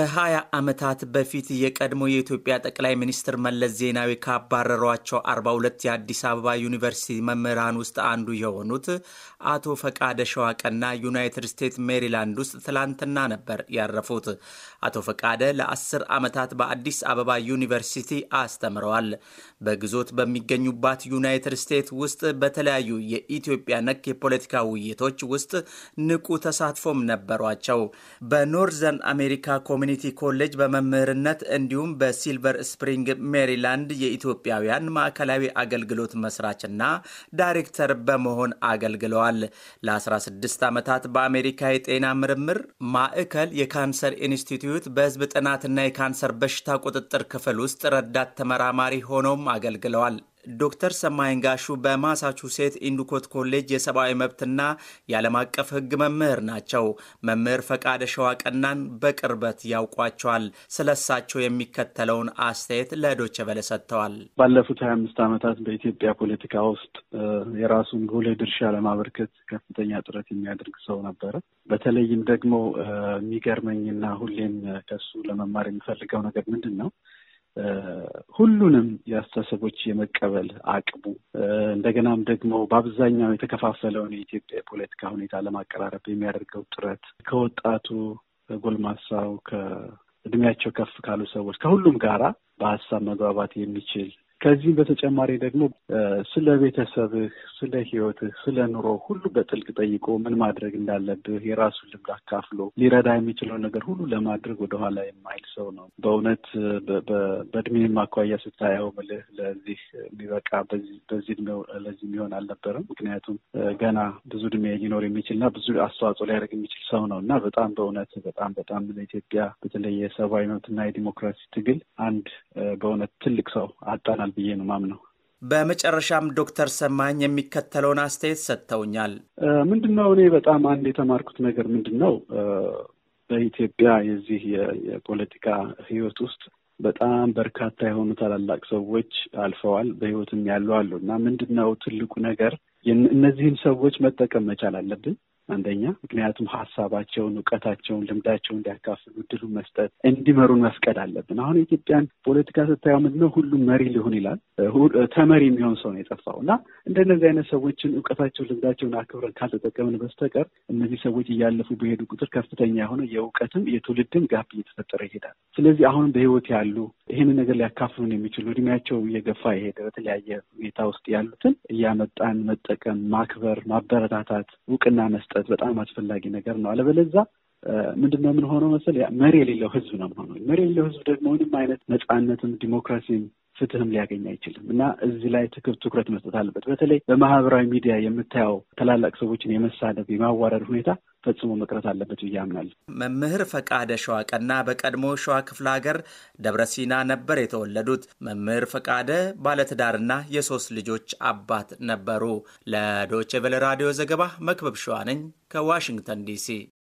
ከ20 ዓመታት በፊት የቀድሞ የኢትዮጵያ ጠቅላይ ሚኒስትር መለስ ዜናዊ ካባረሯቸው 42 የአዲስ አበባ ዩኒቨርሲቲ መምህራን ውስጥ አንዱ የሆኑት አቶ ፈቃደ ሸዋቀና ዩናይትድ ስቴትስ ሜሪላንድ ውስጥ ትላንትና ነበር ያረፉት። አቶ ፈቃደ ለ10 ዓመታት በአዲስ አበባ ዩኒቨርሲቲ አስተምረዋል። በግዞት በሚገኙባት ዩናይትድ ስቴትስ ውስጥ በተለያዩ የኢትዮጵያ ነክ የፖለቲካ ውይይቶች ውስጥ ንቁ ተሳትፎም ነበሯቸው። በኖርዘርን አሜሪካ ኮሚ ኮሚኒቲ ኮሌጅ በመምህርነት እንዲሁም በሲልቨር ስፕሪንግ ሜሪላንድ የኢትዮጵያውያን ማዕከላዊ አገልግሎት መስራችና ዳይሬክተር በመሆን አገልግለዋል። ለ16 ዓመታት በአሜሪካ የጤና ምርምር ማዕከል የካንሰር ኢንስቲትዩት በህዝብ ጥናትና የካንሰር በሽታ ቁጥጥር ክፍል ውስጥ ረዳት ተመራማሪ ሆነውም አገልግለዋል። ዶክተር ሰማይን ጋሹ በማሳቹሴት ኢንዱኮት ኮሌጅ የሰብአዊ መብትና የዓለም አቀፍ ሕግ መምህር ናቸው። መምህር ፈቃደ ሸዋቀናን በቅርበት ያውቋቸዋል። ስለሳቸው የሚከተለውን አስተያየት ለዶቼ ቬለ ሰጥተዋል። ባለፉት ሀያ አምስት ዓመታት በኢትዮጵያ ፖለቲካ ውስጥ የራሱን ጉልህ ድርሻ ለማበርከት ከፍተኛ ጥረት የሚያደርግ ሰው ነበረ። በተለይም ደግሞ የሚገርመኝና ሁሌም ከሱ ለመማር የሚፈልገው ነገር ምንድን ነው ሁሉንም የአስተሳሰቦች የመቀበል አቅሙ እንደገናም ደግሞ በአብዛኛው የተከፋፈለውን የኢትዮጵያ የፖለቲካ ሁኔታ ለማቀራረብ የሚያደርገው ጥረት ከወጣቱ ከጎልማሳው፣ ከእድሜያቸው ከፍ ካሉ ሰዎች ከሁሉም ጋራ በሀሳብ መግባባት የሚችል ከዚህም በተጨማሪ ደግሞ ስለ ቤተሰብህ፣ ስለ ህይወትህ፣ ስለ ኑሮ ሁሉ በጥልቅ ጠይቆ ምን ማድረግ እንዳለብህ የራሱን ልምድ አካፍሎ ሊረዳ የሚችለው ነገር ሁሉ ለማድረግ ወደኋላ የማይል ሰው ነው። በእውነት በእድሜም አኳያ ስታየው ምልህ ለዚህ የሚበቃ በዚህ እድሜው ለዚህ የሚሆን አልነበረም። ምክንያቱም ገና ብዙ እድሜ ሊኖር የሚችልና ብዙ አስተዋጽኦ ሊያደርግ የሚችል ሰው ነው እና በጣም በእውነት በጣም በጣም ለኢትዮጵያ በተለይ የሰብአዊ መብትና የዲሞክራሲ ትግል አንድ በእውነት ትልቅ ሰው አጣናል ይሆናል ብዬ ነው ማምነው። በመጨረሻም ዶክተር ሰማኝ የሚከተለውን አስተያየት ሰጥተውኛል። ምንድን ነው እኔ በጣም አንድ የተማርኩት ነገር ምንድን ነው በኢትዮጵያ የዚህ የፖለቲካ ህይወት ውስጥ በጣም በርካታ የሆኑ ታላላቅ ሰዎች አልፈዋል፣ በህይወትም ያሉ አሉ እና ምንድን ነው ትልቁ ነገር እነዚህን ሰዎች መጠቀም መቻል አለብን። አንደኛ ምክንያቱም ሀሳባቸውን፣ እውቀታቸውን፣ ልምዳቸውን እንዲያካፍሉ ድሉ መስጠት እንዲመሩን መፍቀድ አለብን። አሁን የኢትዮጵያን ፖለቲካ ስታየው ምንድን ነው ሁሉም መሪ ሊሆን ይላል። ተመሪ የሚሆን ሰው ነው የጠፋው እና እንደነዚህ አይነት ሰዎችን እውቀታቸውን፣ ልምዳቸውን አክብረን ካልተጠቀምን በስተቀር እነዚህ ሰዎች እያለፉ በሄዱ ቁጥር ከፍተኛ የሆነ የእውቀትም የትውልድም ጋፕ እየተፈጠረ ይሄዳል። ስለዚህ አሁንም በህይወት ያሉ ይህንን ነገር ሊያካፍሉን የሚችሉ እድሜያቸው እየገፋ የሄደ በተለያየ ሁኔታ ውስጥ ያሉትን እያመጣን መጠቀም፣ ማክበር፣ ማበረታታት፣ እውቅና መስጠት መስጠት በጣም አስፈላጊ ነገር ነው። አለበለዛ ምንድን ነው የምንሆነው መሰል መሪ የሌለው ህዝብ ነው የምሆነው። መሪ የሌለው ህዝብ ደግሞ ምንም አይነት ነፃነትም ዲሞክራሲም ፍትህም ሊያገኝ አይችልም እና እዚህ ላይ ትኩረት መስጠት አለበት። በተለይ በማህበራዊ ሚዲያ የምታየው ታላላቅ ሰዎችን የመሳደብ የማዋረድ ሁኔታ ፈጽሞ መቅረት አለበት ብዬ አምናለሁ። መምህር ፈቃደ ሸዋቀና በቀድሞ ሸዋ ክፍለ ሀገር ደብረ ሲና ነበር የተወለዱት። መምህር ፈቃደ ባለትዳርና የሶስት ልጆች አባት ነበሩ። ለዶቼ ቬለ ራዲዮ ዘገባ መክበብ ሸዋ ነኝ ከዋሽንግተን ዲሲ